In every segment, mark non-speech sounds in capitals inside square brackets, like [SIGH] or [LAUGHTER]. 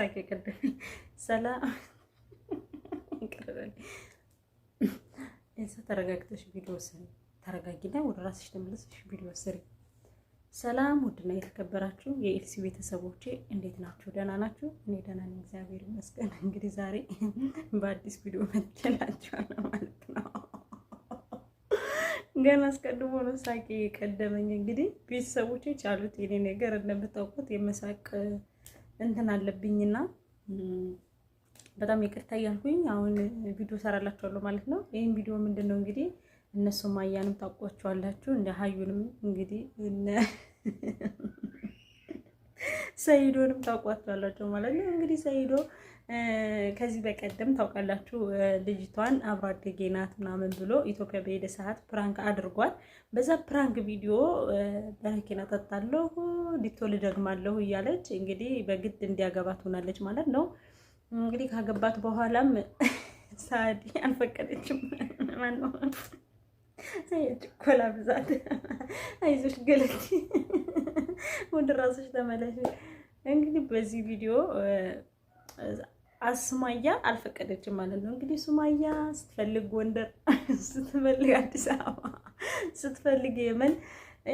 ሳቄ ቀደመኝ። ሰላም ይቀርበል። እዛ ተረጋግተሽ ቪዲዮ ስሪ። ተረጋጊና ወደ ራስሽ ተመለስሽ ቪዲዮ ስሪ። ሰላም ውድና የተከበራችሁ የኤልሲ ቤተሰቦቼ እንዴት ናችሁ? ደህና ናችሁ? እኔ ደህና ነኝ፣ እግዚአብሔር ይመስገን። እንግዲህ ዛሬ በአዲስ ቪዲዮ መጥቼላችኋለሁ ማለት ነው። ገና አስቀድሞ ነው ሳቄ የቀደመኝ። እንግዲህ ቤተሰቦቼ ቻሉት የኔ ነገር እንደምታውቁት የመሳቅ እንትን አለብኝና በጣም ይቅርታ እያልኩኝ አሁን ቪዲዮ ሰራላችኋለሁ ማለት ነው። ይህም ቪዲዮ ምንድን ነው እንግዲህ እነሱ ማያንም ታውቋቸዋላችሁ እንደ ሀዩንም እንግዲህ እነ ሰይዶንም ታውቋቸዋላችሁ ማለት ነው እንግዲህ ሰይዶ ከዚህ በቀደም ታውቃላችሁ ልጅቷን አብሮ አደጌ ናት ምናምን ብሎ ኢትዮጵያ በሄደ ሰዓት ፕራንክ አድርጓል። በዛ ፕራንክ ቪዲዮ በረኪና ጠጣለሁ፣ ዲቶ ልደግማለሁ እያለች እንግዲህ በግድ እንዲያገባት ሆናለች ማለት ነው። እንግዲህ ካገባት በኋላም [LAUGHS] ሳዲ አልፈቀደችም። ማነው ችኮላ ብዛት አይዞሽ ገለች ወደ ራሶች ተመለሽ። እንግዲህ በዚህ ቪዲዮ አስማያ አልፈቀደችም ማለት ነው። እንግዲህ ሱማያ ስትፈልግ ጎንደር፣ ስትፈልግ አዲስ አበባ፣ ስትፈልግ የመን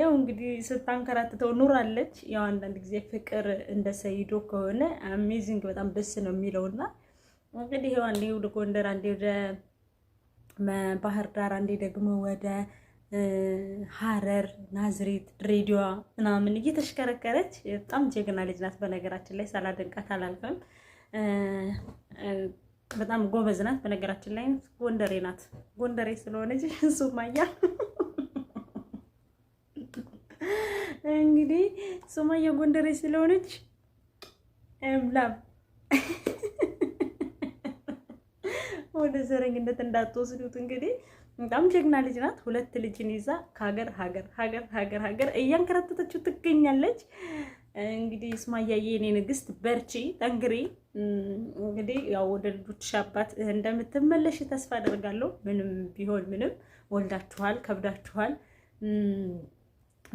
ያው እንግዲህ ስታንከራትተው ኑራለች። ያው አንዳንድ ጊዜ ፍቅር እንደ ሰይዶ ከሆነ አሜዚንግ በጣም ደስ ነው የሚለው የሚለውና እንግዲህ ያው አንዴ ወደ ጎንደር፣ አንዴ ወደ ባህር ዳር፣ አንዴ ደግሞ ወደ ሀረር፣ ናዝሬት፣ ድሬዳዋ ምናምን እየተሽከረከረች በጣም ጀግና ልጅ ናት። በነገራችን ላይ ሳላደንቃት አላልፈም። በጣም ጎበዝ ናት። በነገራችን ላይ ጎንደሬ ናት። ጎንደሬ ስለሆነች [LAUGHS] ሱማያ [LAUGHS] እንግዲህ ሱማያ ጎንደሬ ስለሆነች ላም [LAUGHS] ወደ ዘረኝነት እንዳትወስዱት። እንግዲህ በጣም ጀግና ልጅ ናት። ሁለት ልጅን ይዛ ከሀገር ሀገር ሀገር ሀገር ሀገር እያንከረተተችው ትገኛለች። እንግዲህ ስማያዬ እኔ ንግስት በርቺ፣ ጠንግሪ። እንግዲህ ያው ወደ ልጆችሽ አባት እንደምትመለሽ ተስፋ አደርጋለሁ። ምንም ቢሆን ምንም ወልዳችኋል፣ ከብዳችኋል፣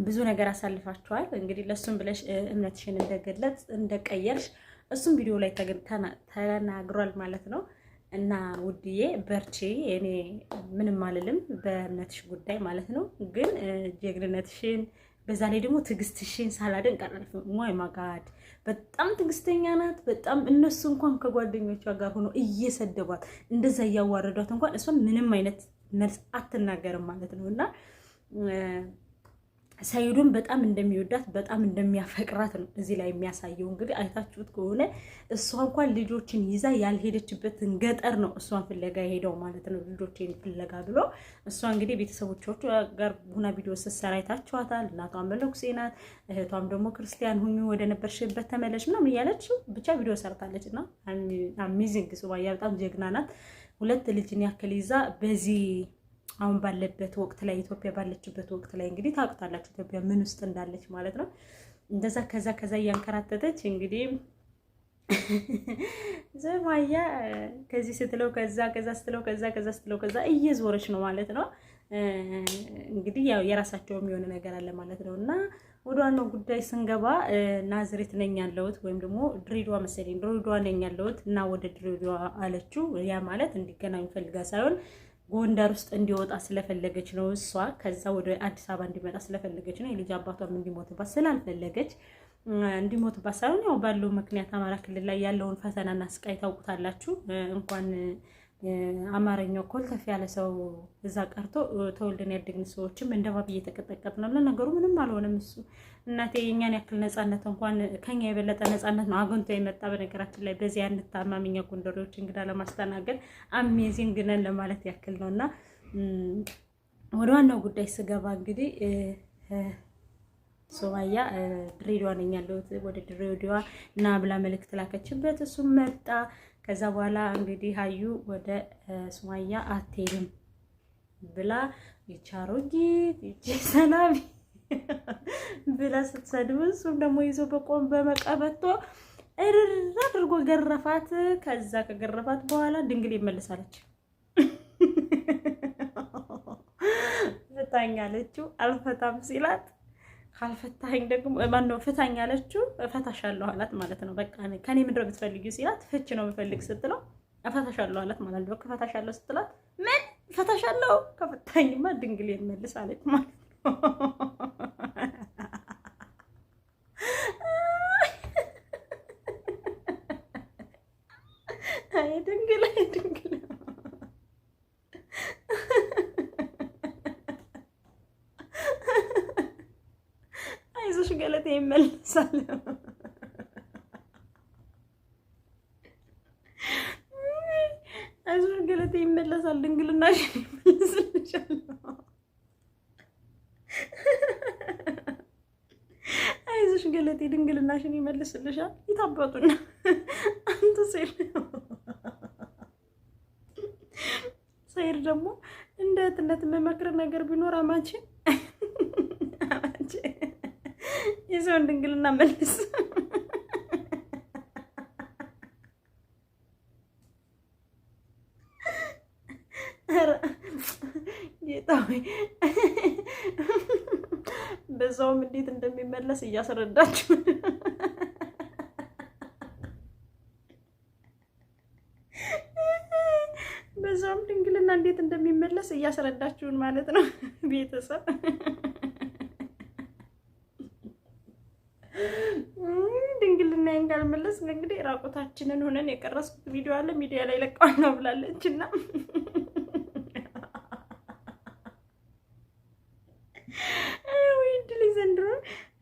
ብዙ ነገር አሳልፋችኋል። እንግዲህ ለእሱም ብለሽ እምነትሽን እንደገለጽ እንደቀየርሽ እሱም ቪዲዮ ላይ ተናግሯል ማለት ነው። እና ውድዬ በርቺ፣ እኔ ምንም አልልም በእምነትሽ ጉዳይ ማለት ነው። ግን ጀግንነትሽን በዛ ላይ ደግሞ ትዕግስትሽን ሳላደንቅ አላልፍም። ሞይ ማጋድ በጣም ትዕግስተኛ ናት። በጣም እነሱ እንኳን ከጓደኞቿ ጋር ሆኖ እየሰደቧት እንደዛ እያዋረዷት እንኳን እሷ ምንም አይነት መልስ አትናገርም ማለት ነው እና ሰይዱን በጣም እንደሚወዳት በጣም እንደሚያፈቅራት ነው እዚህ ላይ የሚያሳየው። እንግዲህ አይታችሁት ከሆነ እሷ እንኳን ልጆችን ይዛ ያልሄደችበትን ገጠር ነው እሷን ፍለጋ የሄደው ማለት ነው፣ ልጆችን ፍለጋ ብሎ። እሷ እንግዲህ ቤተሰቦቿ ጋር ሁና ቪዲዮ ስትሰራ አይታችኋታል። እናቷ መለኩሴ ናት፣ እህቷም ደግሞ ክርስቲያን ሁኚ፣ ወደ ነበርሽበት ተመለሽ ምናምን እያለች ብቻ ቪዲዮ ሰርታለች። እና አሚዚንግ ሱባያ በጣም ጀግና ናት። ሁለት ልጅን ያክል ይዛ በዚህ አሁን ባለበት ወቅት ላይ ኢትዮጵያ ባለችበት ወቅት ላይ እንግዲህ ታውቃላችሁ ኢትዮጵያ ምን ውስጥ እንዳለች ማለት ነው። እንደዛ ከዛ ከዛ እያንከራተተች እንግዲህ [LAUGHS] ዘማያ ከዚህ ስትለው ከዛ ከዛ ስትለው ከዛ ከዛ ስትለው ከዛ እየዞረች ነው ማለት ነው። እንግዲህ ያው የራሳቸውም የሆነ ነገር አለ ማለት ነው። እና ወደ ዋናው ጉዳይ ስንገባ ናዝሬት ነኝ ያለሁት ወይም ደግሞ ድሬዳዋ መሰለኝ ድሬዳዋ ነኝ ያለሁት እና ወደ ድሬዳዋ አለችው። ያ ማለት እንዲገናኙ ፈልጋ ሳይሆን ጎንደር ውስጥ እንዲወጣ ስለፈለገች ነው እሷ። ከዛ ወደ አዲስ አበባ እንዲመጣ ስለፈለገች ነው። የልጅ አባቷም እንዲሞትባት ስላልፈለገች እንዲሞትባት ሳይሆን ያው ባለው ምክንያት አማራ ክልል ላይ ያለውን ፈተናና ስቃይ ታውቁታላችሁ። እንኳን አማርኛው ኮል ከፍ ያለ ሰው እዛ ቀርቶ ተወልደን ያደግን ሰዎችም እንደ ባብ እየተቀጠቀጥ ነው። ለነገሩ ምንም አልሆነም። እሱ እናቴ የእኛን ያክል ነፃነት እንኳን ከኛ የበለጠ ነፃነት ነው አግኝቶ የመጣ በነገራችን ላይ በዚያ እንታማምኛ ጎንደሬዎች እንግዳ ለማስተናገድ አሜዚንግ ነን ለማለት ያክል ነው። እና ወደ ዋናው ጉዳይ ስገባ እንግዲህ ሶማያ ድሬዳዋ ነኝ ያለሁት ወደ ድሬዳዋ እና ብላ መልእክት ላከችበት። እሱም መጣ። ከዛ በኋላ እንግዲህ ሀዩ ወደ ሱማያ አትሄድም ብላ ይቺ ይቺ ሰላቢ ብላ ስትሰድብ እሱም ደግሞ ይዞ በቆም በመቀበቶ እርር አድርጎ ገረፋት። ከዛ ከገረፋት በኋላ ድንግል ይመልሳለች [LAUGHS] ፍታኝ አልፈታም ሲላት ካልፈታኝ ደግሞ ማነው ፍታኝ አለችው። እፈታሻለሁ አላት ማለት ነው። በቃ ከኔ ምንድነው የምትፈልጊው ሲላት ፍች ነው የምፈልግ ስትለው እፈታሻለሁ አላት ማለት ነው። እፈታሻለሁ ስትላት ምን እፈታሻለሁ ከፈታኝማ ድንግል የመልስ አለች ማለት ነው። ሰላም አይዞሽ ገለቴ ይመለሳል፣ ድንግልናሽን ይመለስልሻል። አይዞሽ ገለቴ ድንግልናሽን ይመልስልሻል። አንተ ሰይር ደግሞ እንደ እህትነት መመክር ነገር ቢኖር አማችን የሰውን ድንግልና መልስ። ጌታ በዛውም እንዴት እንደሚመለስ እያስረዳችሁ በዛውም ድንግልና እንዴት እንደሚመለስ እያስረዳችሁን ማለት ነው ቤተሰብ ከሚያይን ጋር መለስ እንግዲህ ራቆታችንን ሆነን የቀረስኩት ቪዲዮ አለ ሚዲያ ላይ ለቀዋል ነው ብላለች እና ወይ ድል ዘንድሮ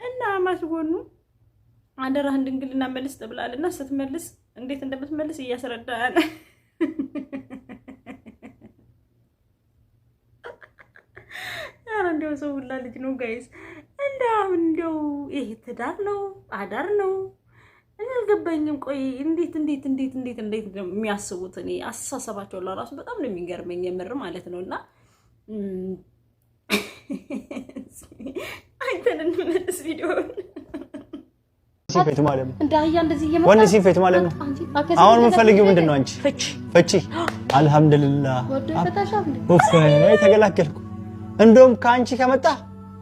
እና ማስጎኑ አደራህን ድንግልና መልስ ተብላለና ስትመልስ እንዴት እንደምትመልስ እያስረዳ ያለ ኧረ እንደው ሰው ሁላ ልጅ ነው ጋይስ። እንደው አሁን እንደው ይሄ ትዳር ነው አዳር ነው እኔ አልገባኝም። ቆይ እንዴት እንዴት እንዴት እንዴት እንዴት የሚያስቡት እኔ አስተሳሰባቸው ለራሱ በጣም ነው የሚገርመኝ የምር ማለት ነው። እና አይተን እንመለስ ቪዲዮ ሲፌት ማለት ነው። ወንድ ሲፌት ማለት ነው። አሁን የምንፈልጊው ምንድን ነው? አንቺ ፍቺ ፍቺ። አልሐምዱሊላህ ተገላገልኩ። እንደውም ከአንቺ ከመጣ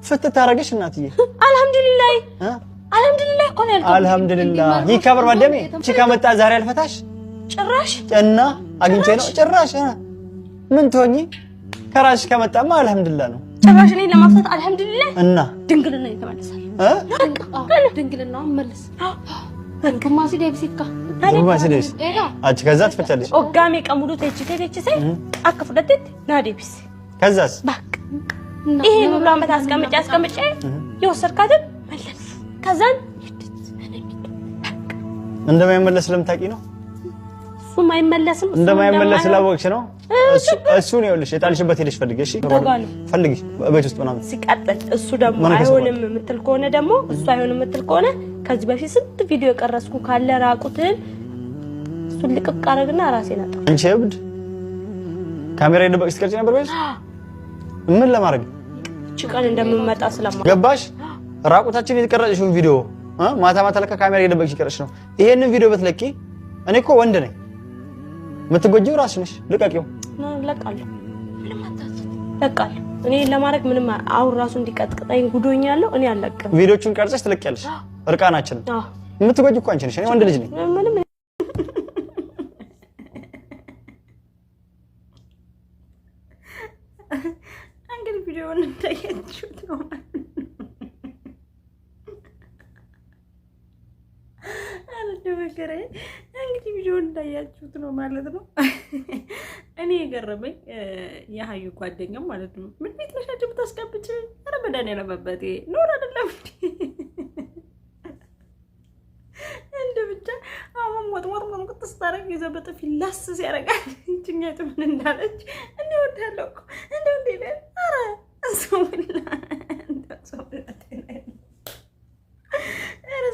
ፍትህ ታደርግሽ እናትዬ። አልሐምዱሊላህ አልሐምዱሊላህ እኮ ነው ያልኩት። አልሐምዱሊላህ ይከበር ባደሜ ቺካ መጣ ዛሬ አልፈታሽ ጭራሽ እና አግኝቼ ነው ጭራሽ ምን ትሆኚ ከራሽ ከመጣማ አልሐምዱሊላህ ነው ጭራሽ እኔን ለማፍታት አልሐምዱሊላህ እና ድንግልና ይተመለሳል እ ድንግልና መልስ ከማሲ ደብስ ይካ ከማሲ ደብስ አቺ ከዛ ኦጋሜ ቀሙሉ ተቺ ተቺ ሰይ አከፍለተት ናዴብስ ከዛስ ባክ ይሄን ሁሉ አመት አስቀምጬ አስቀምጬ የወሰድካትን መለስ ከዛን እንደማይመለስ ስለምታውቂ ነው። እሱም አይመለስም። እንደማይመለስ ስላወቅሽ ነው። እሱን ይኸውልሽ የጣልሽበት ሄደሽ ፈልጊ፣ እሺ ፈልጊ ቤት ውስጥ ምናምን። ሲቀጥል እሱ ደግሞ አይሆንም የምትል ከሆነ ደግሞ እሱ አይሆንም የምትል ከሆነ ከዚህ በፊት ስንት ቪዲዮ የቀረስኩ ካለ ራቁትን እሱን ልቅቅ አደረግና ራሴ ናጣ። አንቺ እብድ ካሜራ የደበቅሽ ትቀርጪ ነበር ወይስ [GASPS] ምን ለማድረግ? እቺ እንደምመጣ ስለማ ገባሽ ራቁታችን የተቀረጽሽውን ቪዲዮ ማታ ማታ ለካ ካሜራ የደበቅሽ የቀረጽሽ ነው። ይሄንን ቪዲዮ ብትለቂ እኔ እኮ ወንድ ነኝ፣ የምትጎጂው ራስሽ ነሽ። ልቀቂው። ለቃለሁ፣ እኔ ለማድረግ ምንም አሁን ራሱ እንዲቀጥቅጠኝ ጉዶኛለሁ። እኔ አለቅም። ቪዲዮቹን ቀርጸሽ ትለቂያለሽ። እርቃናችንን የምትጎጂ እኮ አንቺ ነሽ። እኔ ወንድ ልጅ ነኝ። እንግዲህ ቪዲዮውን እንዳያችሁት ነው አረጀ መከረ እንግዲህ ቪዲዮን እንዳያችሁት ነው ማለት ነው። እኔ የገረመኝ የሀዩ ጓደኛ ማለት ነው ምን ቤት ነሻቸው ብታስቀብጭ ኧረ መድኃኒዓለም አባቴ ኖር አይደለም እንደ ብቻ አሁን ሞጥሞጥ ሞጥሞጥ ስታረግ ይዘው በጥፊ ላስ ሲያረጋል ይችኛ ምን እንዳለች እንዲወዳለው እኮ እንደ እንዴ ኧረ ሰውላ ሰውላ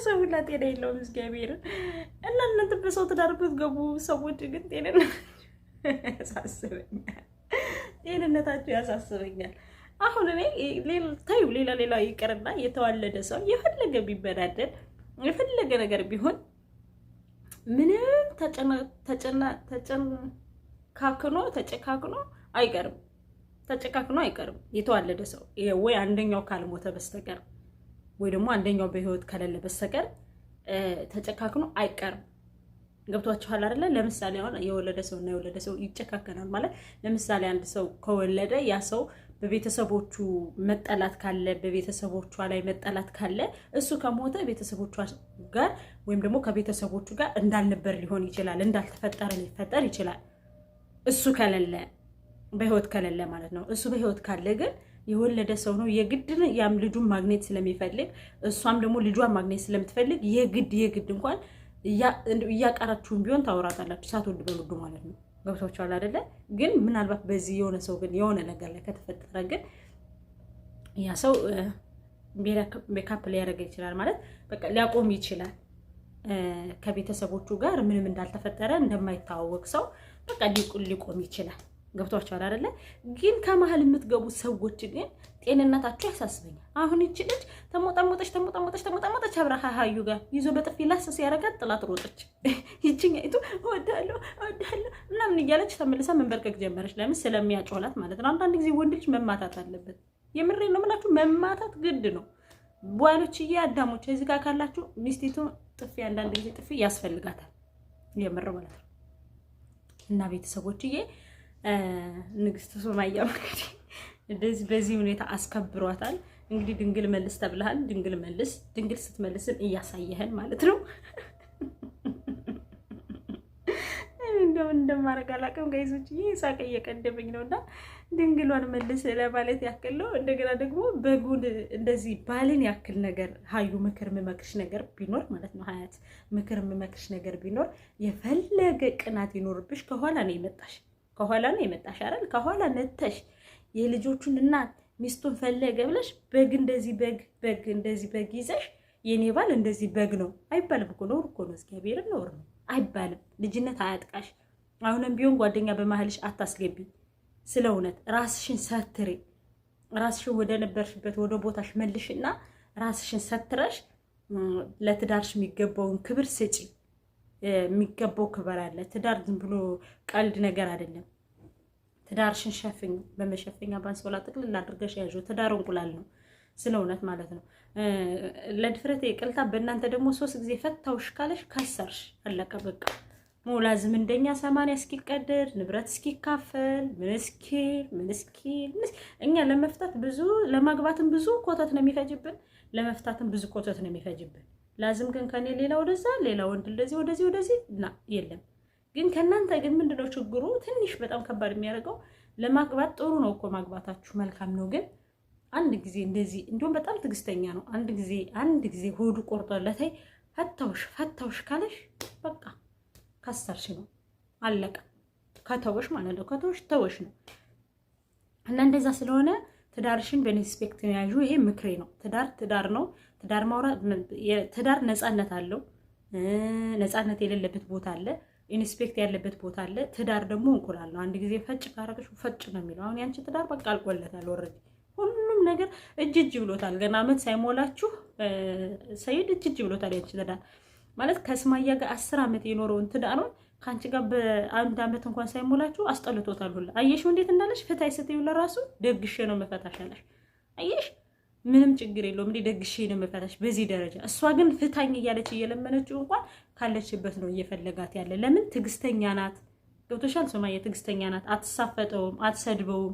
ሰው ሁላ ጤና የለውም። እግዚአብሔር እና እናንተ በሰው ትዳር ብትገቡ ሰዎች ግን ጤንነታቸው ያሳስበኛል። ጤንነታቸው ያሳስበኛል። አሁን እኔ ታዩ ሌላ ሌላ ይቅርና የተዋለደ ሰው የፈለገ ቢበዳደል የፈለገ ነገር ቢሆን ምንም ተጨካክኖ ተጨካክኖ አይቀርም። ተጨካክኖ አይቀርም የተዋለደ ሰው ወይ አንደኛው ካልሞተ በስተቀር ወይ ደግሞ አንደኛው በህይወት ከሌለ በስተቀር ተጨካክኖ አይቀርም። ገብቷችኋል አይደለ? ለምሳሌ አሁን የወለደ ሰው እና የወለደ ሰው ይጨካከናል ማለት ለምሳሌ አንድ ሰው ከወለደ ያ ሰው በቤተሰቦቹ መጠላት ካለ በቤተሰቦቿ ላይ መጠላት ካለ እሱ ከሞተ ቤተሰቦቿ ጋር ወይም ደግሞ ከቤተሰቦቹ ጋር እንዳልነበር ሊሆን ይችላል፣ እንዳልተፈጠረ ሊፈጠር ይችላል። እሱ ከሌለ በህይወት ከሌለ ማለት ነው። እሱ በህይወት ካለ ግን የወለደ ሰው ነው የግድ ያም ልጁን ማግኘት ስለሚፈልግ እሷም ደግሞ ልጇን ማግኘት ስለምትፈልግ የግድ የግድ እንኳን እያቀራችሁን ቢሆን ታወራታላችሁ። ሳትወድ በግዱ ማለት ነው። ገብቷችኋል አይደለ? ግን ምናልባት በዚህ የሆነ ሰው ግን የሆነ ነገር ላይ ከተፈጠረ ግን ያ ሰው ሜካፕ ሊያደርግ ይችላል ማለት በቃ ሊያቆም ይችላል። ከቤተሰቦቹ ጋር ምንም እንዳልተፈጠረ እንደማይታወቅ ሰው በቃ ሊቆም ይችላል። ገብቷቸዋል አይደለ? ግን ከመሀል የምትገቡት ሰዎች ግን ጤንነታቸው ያሳስበኛል። አሁን ይቺ ልጅ ተሞጣሞጠች ተሞጣሞጠች ተሞጣሞጠች አብረሀ ሀዩ ጋር ይዞ በጥፊ ላስ ሲያረጋት ጥላት ሮጠች። [LAUGHS] ይችኛይቱ ወዳለ ወዳለ ምናምን እያለች ተመልሳ መንበርከክ ጀመረች። ለምን ስለሚያጮላት ማለት ነው። አንዳንድ ጊዜ ወንድ ልጅ መማታት አለበት። የምሬ ነው የምላችሁ፣ መማታት ግድ ነው። ቧሎችዬ አዳሞች እዚህ ጋር ካላችሁ ሚስቲቱ ጥፊ አንዳንድ ጊዜ ጥፊ ያስፈልጋታል። የምር ማለት ነው እና ቤተሰቦችዬ ንግስቱ ሱማያ እንግዲህ እንደዚህ በዚህ ሁኔታ አስከብሯታል። እንግዲህ ድንግል መልስ ተብለሃል። ድንግል መልስ፣ ድንግል ስትመልስን እያሳየህን ማለት ነው። እንደምን እንደማደርግ አላውቅም። ጋይዞች ይህ ሳቀ እየቀደመኝ ነው እና ድንግሏን መልስ ለማለት ያክል ነው። እንደገና ደግሞ በጉን እንደዚህ ባልን ያክል ነገር ሀዩ ምክር የምመክርሽ ነገር ቢኖር ማለት ነው ሀያት ምክር የምመክርሽ ነገር ቢኖር የፈለገ ቅናት ይኖርብሽ ከኋላ ነው የመጣሽ ከኋላ ነው የመጣሽ አይደል? ከኋላ ነተሽ የልጆቹን እናት ሚስቱን ፈለገ ብለሽ በግ እንደዚህ በግ በግ እንደዚህ በግ ይዘሽ የኔ ባል እንደዚህ በግ ነው አይባልም እኮ ነውር እኮ ነው። እግዚአብሔርን ነውር ነው አይባልም። ልጅነት አያጥቃሽ። አሁንም ቢሆን ጓደኛ በመሀልሽ አታስገቢ። ስለ እውነት ራስሽን ሰትሬ ራስሽን ወደ ነበርሽበት ወደ ቦታሽ መልሽና ራስሽን ሰትረሽ ለትዳርሽ የሚገባውን ክብር ስጪ። የሚገባው ክብር አለ። ትዳር ዝም ብሎ ቀልድ ነገር አይደለም። ትዳርሽን ሸፍኝ፣ በመሸፈኛ ባንሶላ ጥቅልል አድርገሽ ያዥ። ትዳር እንቁላል ነው፣ ስለ እውነት ማለት ነው። ለድፍረት የቅልታ በእናንተ ደግሞ ሶስት ጊዜ ፈታውሽ ካለሽ ከሰርሽ፣ አለቀ በቃ። ሞላዝም እንደኛ ሰማንያ እስኪቀድር ንብረት እስኪካፈል ምስኪን ምስኪን እኛ ለመፍታት ብዙ ለማግባትም ብዙ ኮተት ነው የሚፈጅብን፣ ለመፍታትም ብዙ ኮተት ነው የሚፈጅብን። ላዝም ግን ከኔ ሌላ ወደዛ ሌላ ወንድ እንደዚህ ወደዚህ ወደዚህ ና የለም። ግን ከእናንተ ግን ምንድነው ችግሩ? ትንሽ በጣም ከባድ የሚያደርገው ለማግባት ጥሩ ነው እኮ ማግባታችሁ መልካም ነው። ግን አንድ ጊዜ እንደዚህ እንዲሁም በጣም ትዕግስተኛ ነው። አንድ ጊዜ አንድ ጊዜ ሆዱ ቆርጦለታይ ፈታውሽ ፈታውሽ ካለሽ በቃ ካሰርሽ ነው አለቀ። ከተወሽ ማለት ነው ከተወሽ ተወሽ ነው እና እንደዛ ስለሆነ ትዳርሽን በኔስፔክት ያዡ። ይሄ ምክሬ ነው። ትዳር ትዳር ነው። ትዳር ማውራት ትዳር ነፃነት አለው። ነፃነት የሌለበት ቦታ አለ፣ ኢንስፔክት ያለበት ቦታ አለ። ትዳር ደግሞ እንቁላል ነው። አንድ ጊዜ ፈጭ ካረገሽ ፈጭ ነው የሚለው። አሁን ያንቺ ትዳር በቃ አልቆለታል። ወረድ ሁሉም ነገር እጅ እጅ ብሎታል። ገና አመት ሳይሞላችሁ ሰይድ እጅ እጅ ብሎታል። ያንቺ ትዳር ማለት ከስማያ ጋር አስር አመት የኖረውን ትዳሩን ከአንቺ ጋር በአንድ አመት እንኳን ሳይሞላችሁ አስጠልቶታል ሁላ። አየሽው እንዴት እንዳለሽ ፍታይ ስትይው ለራሱ ደግሼ ነው መፈታሽ አየሽ ምንም ችግር የለውም እንዴ ደግሼ ነው መፈታሽ በዚህ ደረጃ። እሷ ግን ፍታኝ እያለች እየለመነችው እንኳን ካለችበት ነው እየፈለጋት ያለ። ለምን ትዕግስተኛ ናት። ገብቶሻል ሱማያ፣ ትዕግስተኛ ናት። አትሳፈጠውም፣ አትሰድበውም።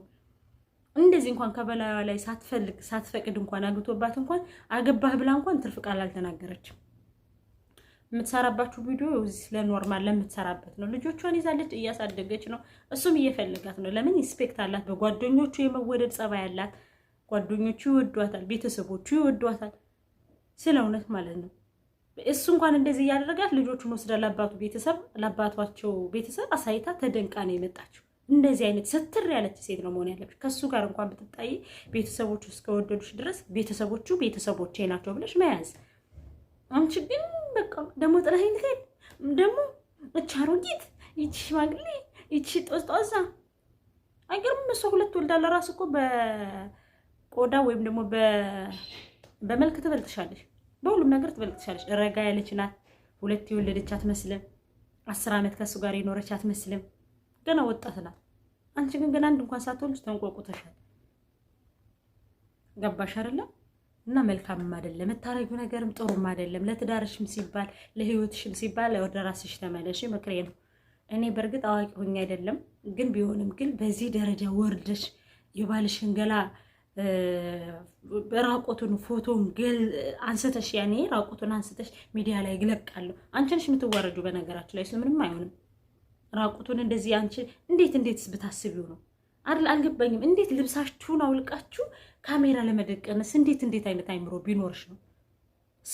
እንደዚህ እንኳን ከበላዩ ላይ ሳትፈልግ ሳትፈቅድ እንኳን አግብቶባት እንኳን አገባህ ብላ እንኳን ትርፍ ቃል አልተናገረችም። የምትሰራባችሁ ቪዲዮ እዚህ ለኖርማል ለምትሰራበት ነው። ልጆቿን ይዛለች እያሳደገች ነው። እሱም እየፈለጋት ነው። ለምን ኢንስፔክት አላት። በጓደኞቹ የመወደድ ጸባይ አላት። ጓደኞቹ ይወዷታል፣ ቤተሰቦቹ ይወዷታል። ስለ እውነት ማለት ነው። እሱ እንኳን እንደዚህ እያደረጋት ልጆቹን ወስዳ ለአባቱ ቤተሰብ ለአባቷቸው ቤተሰብ አሳይታ ተደንቃ ነው የመጣችው። እንደዚህ አይነት ስትር ያለች ሴት ነው መሆን ያለብሽ። ከእሱ ጋር እንኳን ብትጣይ ቤተሰቦቹ እስከወደዱሽ ድረስ ቤተሰቦቹ ቤተሰቦቼ ናቸው ብለሽ መያዝ አንቺ ግን በቃ ደግሞ ጥላኸኝ ልትሄድ ደግሞ እቺ አሮጊት ይቺ ሽማግሌ ይቺ ጦስጧዛ አይገርምም። እሷ ሁለት ወልዳለ ራስ እኮ በቆዳ ወይም ደግሞ በመልክ ትበልጥሻለች፣ በሁሉም ነገር ትበልጥሻለች። ረጋ ያለች ናት። ሁለት የወለደች አትመስልም። አስር ዓመት ከእሱ ጋር የኖረች አትመስልም። ገና ወጣት ናት። አንቺ ግን ገና አንድ እንኳን ሳትወልድ ተንቆቁተሻል። ገባሽ አይደለም? እና መልካምም አይደለም። የምታረጊው ነገርም ጥሩም አይደለም። ለትዳርሽም ሲባል ለህይወትሽም ሲባል ወደ ራስሽ ተመለሽ። ምክሬ ነው። እኔ በእርግጥ አዋቂ ሆኜ አይደለም፣ ግን ቢሆንም ግን በዚህ ደረጃ ወርደሽ የባልሽን ገላ ራቆቱን ፎቶን አንስተሽ ያኔ ራቆቱን አንስተሽ ሚዲያ ላይ ግለቃለሁ። አንቺ ነሽ የምትዋረጁ በነገራችን ላይ ምንም አይሆንም። ራቁቱን እንደዚህ አንቺ እንዴት እንዴትስ ብታስቢው ነው አይደል? አልገባኝም። እንዴት ልብሳችሁን አውልቃችሁ ካሜራ ለመደቀነስ እንዴት እንዴት አይነት አይምሮ ቢኖርሽ ነው?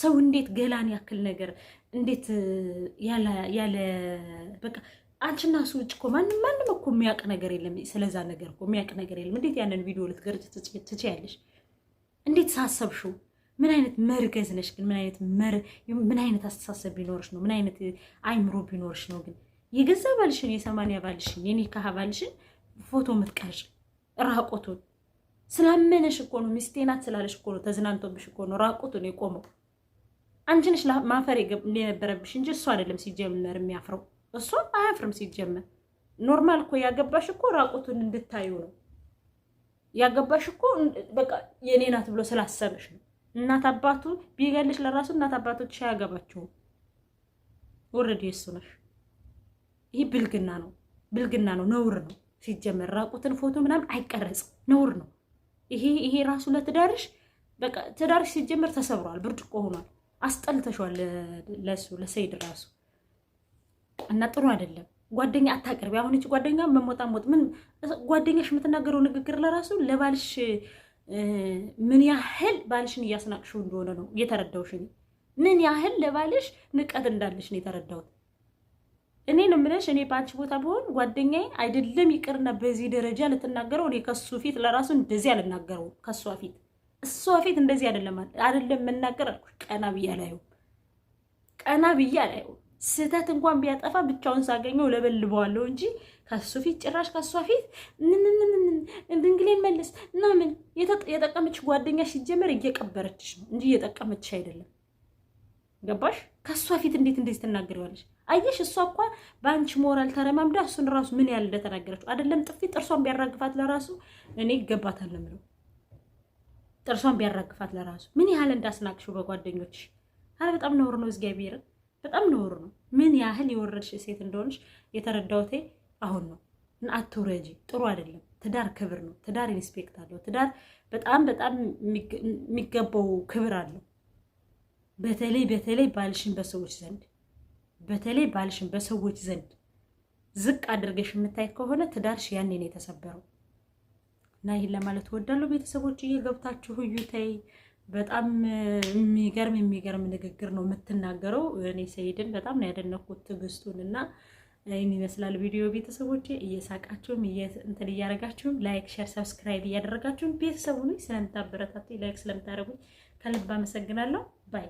ሰው እንዴት ገላን ያክል ነገር እንዴት ያለ በቃ አንቺና እሱ ውጭ እኮ ማንም ማንም እኮ የሚያውቅ ነገር የለም። ስለዛ ነገር እኮ የሚያውቅ ነገር የለም። እንዴት ያንን ቪዲዮ ልትገርጭ ትችያለሽ? እንዴት ሳሰብሽው? ምን አይነት መርገዝ ነሽ ግን? ምን አይነት መር ምን አይነት አስተሳሰብ ቢኖርሽ ነው? ምን አይነት አይምሮ ቢኖርሽ ነው ግን የገዛ ባልሽን የሰማንያ ባልሽን የኒካህ ባልሽን ፎቶ ምትቀርጭ ራቆቱን ስላመነሽ እኮ ነው። ሚስቴ ናት ስላለሽ እኮ ነው። ተዝናንቶብሽ እኮ ነው። ራቁቱን የቆመው አንቺ ነሽ ማፈር የነበረብሽ እንጂ እሱ አይደለም። ሲጀመር የሚያፍረው እሱ አያፍርም። ሲጀመር ኖርማል እኮ ያገባሽ እኮ ራቁቱን እንድታዩ ነው ያገባሽ እኮ በቃ የኔ ናት ብሎ ስላሰበሽ ነው። እናት አባቱ ቢገልሽ ለራሱ እናት አባቶች አያገባቸውም። ወረድ የሱ ነሽ። ይህ ብልግና ነው፣ ብልግና ነው፣ ነውር ነው። ሲጀመር ራቁትን ፎቶ ምናምን አይቀረጽም፣ ነውር ነው። ይሄ ይሄ ራሱ ለትዳርሽ በቃ ትዳርሽ ሲጀመር ተሰብሯል፣ ብርጭቆ ሆኗል። አስጠልተሽዋል ለሱ ለሰይድ ራሱ እና ጥሩ አይደለም። ጓደኛ አታቅርቢ። አሁን እቺ ጓደኛ መሞጣሞጥ ምን ጓደኛሽ የምትናገረው ንግግር ለራሱ ለባልሽ ምን ያህል ባልሽን እያስናቅሽው እንደሆነ ነው እየተረዳውሽ። ምን ያህል ለባልሽ ንቀት እንዳለሽ ነው የተረዳሁት። እኔ ነው የምልሽ። እኔ በአንቺ ቦታ ብሆን ጓደኛዬ አይደለም ይቅርና በዚህ ደረጃ ልትናገረው፣ እኔ ከሱ ፊት ለራሱ እንደዚህ አልናገረው። ከሷ ፊት እሷ ፊት እንደዚህ አይደለም አይደለም መናገር አልኩ። ቀና ብዬ አላየው፣ ቀና ብዬ አላየው። ስህተት እንኳን ቢያጠፋ ብቻውን ሳገኘው ለበልበዋለሁ እንጂ ከሱ ፊት ጭራሽ ከሷ ፊት ድንግሌን መልስ እና የጠቀመች ጓደኛ ሲጀመር እየቀበረችሽ ነው እንጂ እየጠቀመች አይደለም። ገባሽ? ከሷ ፊት እንዴት እንደዚህ ትናገሪዋለሽ? አየሽ፣ እሷ እኳ በአንቺ ሞራል ተረማምዳ እሱን ራሱ ምን ያህል እንደተናገረችው አይደለም። ጥፊ ጥርሷን ቢያራግፋት ለራሱ እኔ ይገባታል ነው የምለው። ጥርሷን ቢያራግፋት ለራሱ ምን ያህል እንዳስናቅሽው በጓደኞች። አረ በጣም ነውር ነው፣ እግዚአብሔርን በጣም ነውር ነው። ምን ያህል የወረድሽ ሴት እንደሆንሽ የተረዳውቴ አሁን ነው። እና አትውረጂ፣ ጥሩ አይደለም። ትዳር ክብር ነው። ትዳር ኢንስፔክት አለው። ትዳር በጣም በጣም የሚገባው ክብር አለው። በተለይ በተለይ ባልሽን በሰዎች ዘንድ በተለይ ባልሽን በሰዎች ዘንድ ዝቅ አድርገሽ የምታይ ከሆነ ትዳርሽ ያኔ ነው የተሰበረው። እና ይህን ለማለት እወዳለሁ። ቤተሰቦች እየገብታችሁ እዩተይ በጣም የሚገርም የሚገርም ንግግር ነው የምትናገረው። እኔ ሰይድን በጣም ነው ያደነኩት ትዕግስቱን እና ይህን ይመስላል ቪዲዮ ቤተሰቦች። እየሳቃችሁም እንትን እያደረጋችሁም ላይክ፣ ሼር፣ ሰብስክራይብ እያደረጋችሁም ቤተሰቡ ስለምታበረታቱ ላይክ ስለምታደረጉኝ ከልብ አመሰግናለሁ ባይ